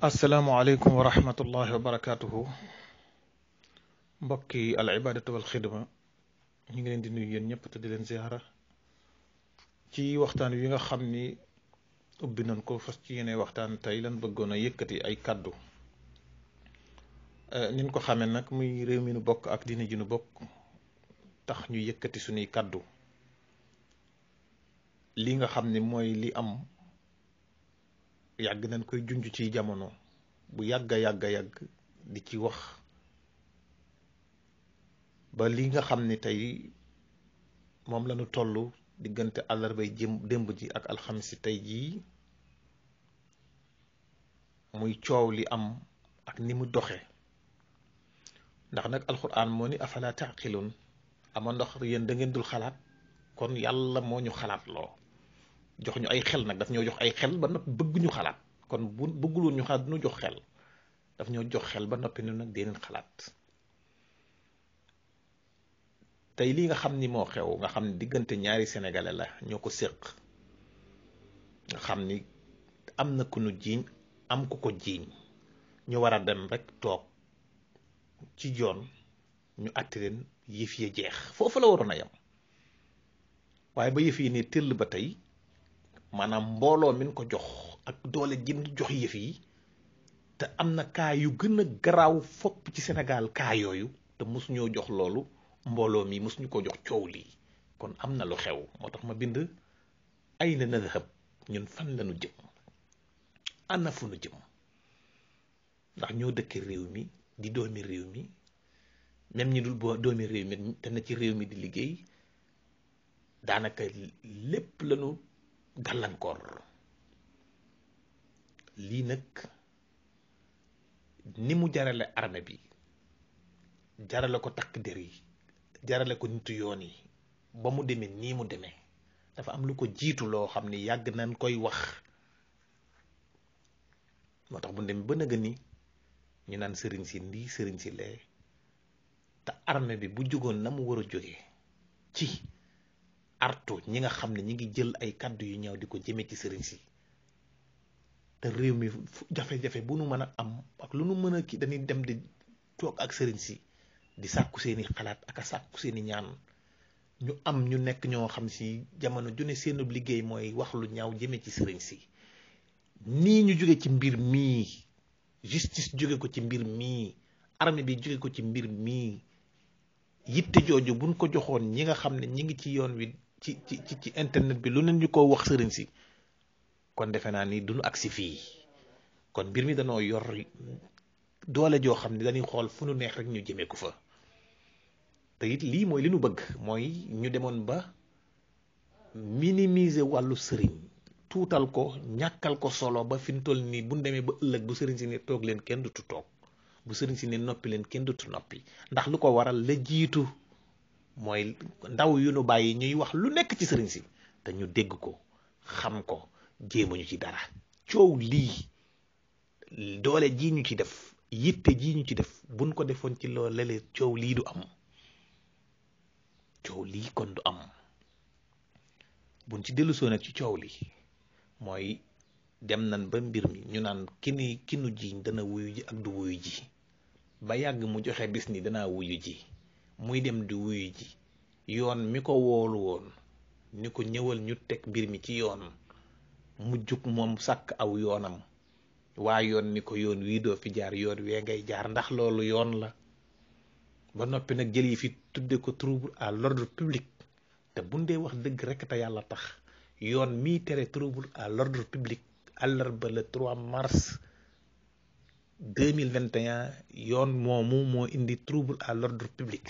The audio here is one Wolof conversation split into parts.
asalaamualeykum wa rahmatullahi wa barakatuhu mbokki al ibadatu wal xidma ñu ngi leen di nuyu yéen ñëpp te di leen ziara ci waxtaan wi nga xam ni ubbi nañ ko fas ci yéene waxtaan tey leen bëggoon a yëkkati ay kàddu eh, nin ko xamee nag muy réew mi nu bokk ak diine ji nu bokk tax ñu yëkkati suñuy kàddu li nga xam ni mooy li am yàgg nañ koy junj ci jamono bu yàgg a yàgg yàgg di ci wax ba li nga xam ni tey moom lañu toll diggante àllarbay jëm démb ji ak alxamisi tey jii muy coow li am ak ni mu doxe ndax nag alxuraan moo ni afala taqilun ama ndox yéen dangeen dul xalaat kon yàlla moo ñu xalaat loo jox ñu ay xel nag daf ñoo jox ay xel ba noppi bëgguñu xalaat kon bu bëgguloon ñu xalaat duñu jox xel daf ñoo jox xel ba noppi ñu nag dee leen xalaat tey lii nga xam ni moo xew nga xam ni diggante ñaari sénégalais la ñoo ko séq nga xam ni am na ku nu jiiñ am ku ko jiiñ ñu war a dem rek toog ci joon ñu àtte leen yëf yi jeex foofu la waroon a yem waaye ba yëf yi ne tëll ba tey maanaam mbooloo min ko jox ak doole jëm jox yëf yi te am na kaa yu gën a garaaw fopp ci senegal kaa yooyu te mosuñoo jox loolu mbooloo mi mosuñu ko jox coow lii kon am na lu xew moo tax ma bind ay na nadhab ñun fan lañu jëm ana fu nu jëm ndax ñoo dëkk réew mi di doomi réew mi même ñi dul boo doomi réew mi te na ci réew mi di liggéey daanaka lépp lañu gàllankoor lii nag ni mu jarale armée bi jarale ko takk der yi jarale ko nit yoon yi ba mu demee nii mu demee dafa am lu ko jiitu loo xam ni yàgg nañ koy wax moo tax mu dem ba nëgë ni ñu naan sëriñ si lii sëriñ si lee te arme bi bu jógoon na mu war a jóge ci artu ñi nga xam ne ñi ngi jël ay kàddu yu ñaaw di ko jëmee ci sëriñ si te réew mi jafe-jafe bu nu mën a am ak lu nu mën a kii dañuy dem di toog ak sëriñ si di sàkku seeni xalaat ak a sàkku seeni ñaan ñu am ñu nekk ñoo xam si jamono ju ne seen liggéey mooy wax lu ñaaw jëme ci sëriñ si nii ñu jóge ci mbir mii justice jóge ko ci mbir mii armée bi jóge ko ci mbir mii yitte jooju buñ ko joxoon ñi nga xam ne ñi ngi ci yoon wi ci ci ci internet bi lu ne ñu ko wax sëriñ si kon defe naa ni duñu agsi fii kon mbir mi danoo yor doole joo xam ne dañuy xool fu nu neex rek ñu jëmee ko fa te it lii mooy li nu bëgg mooy ñu demoon ba minimiser wàllu sëriñ tuutal ko ñàkkal ko solo ba fi mu toll nii bu demee ba ëllëg bu sëriñ si ne toog leen kenn du tu toog bu sëriñ si ne noppi leen kenn du tu noppi ndax lu ko waral la jiitu mooy ndaw yu nu bàyyi ñuy wax lu nekk ci sëriñ si te ñu dégg ko xam ko jéemañu ci dara coow lii doole jii ñu ci def yitte jii ñu ci def buñ ko defoon ci loo lale coow lii du am coow lii kon du am buñ ci dellusoo nag ci coow li mooy dem na ba mbir mi ñu naan ki ni ki nu jiiñ dana wuyu ji ak du wuyu ji ba yàgg mu joxe bis ni dana wuyu ji muy dem di wuyu ji yoon mi ko woolu woon ni ko ñëwal ñu teg mbir mi ci yoon mu jug moom sàkk aw yoonam waa yoon ni ko yoon wii doo fi jaar yoon wee ngay jaar ndax loolu yoon la ba noppi nag jël yi fi tudde ko trouble à l'ordre public te buñ dee wax dëgg rek te yàlla tax yoon mii tere trouble à l'ordre public àllarba le 3 mars 2021 yoon moomu moo indi trouble à l'ordre public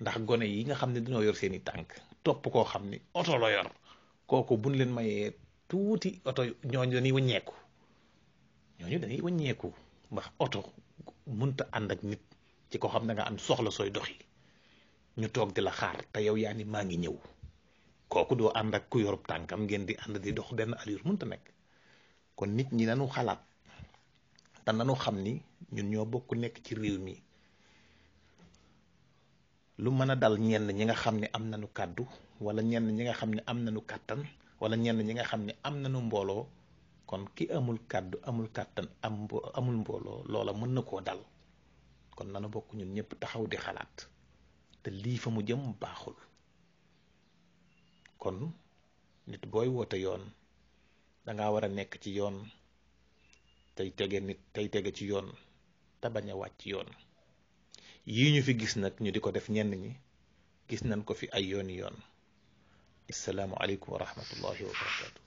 ndax gone yi nga xam ne dañoo yor seen i tànk topp koo xam ni oto la yor kooku buñ leen mayee tuuti oto ñooñu dañuy wëññeeku ñooñu dañuy wëññeeku ndax oto mënta ànd ak nit ci ko xam ne nga am soxla sooy doxi ñu toog di la xaar te yow yaa ni maa ngi ñëw kooku doo ànd ak ku yorub tànkam ngeen di ànd di dox benn allure ta nekk kon nit ñi nanu xalaat te nanu xam ni ñun ñoo bokk nekk ci réew mi lu mën a dal ñenn ñi nga xam ne am nañu kàddu wala ñenn ñi nga xam ne am nañu kàttan wala ñenn ñi nga xam ne am nañu mbooloo kon ki amul kàddu amul kàttan am mbooloo loola mën na koo dal kon nanu bokk ñun ñëpp taxaw di xalaat te lii fa mu jëm baaxul kon nit booy woote yoon danga war a nekk ci yoon tey tege nit tey tege ci yoon te bañ a wàcc yoon yii ñu fi gis nag ñu di ko def ñenn ñi gis nañ ko fi ay yoon yoon assalaamu aleykum wa rahmatullahi wa barakatu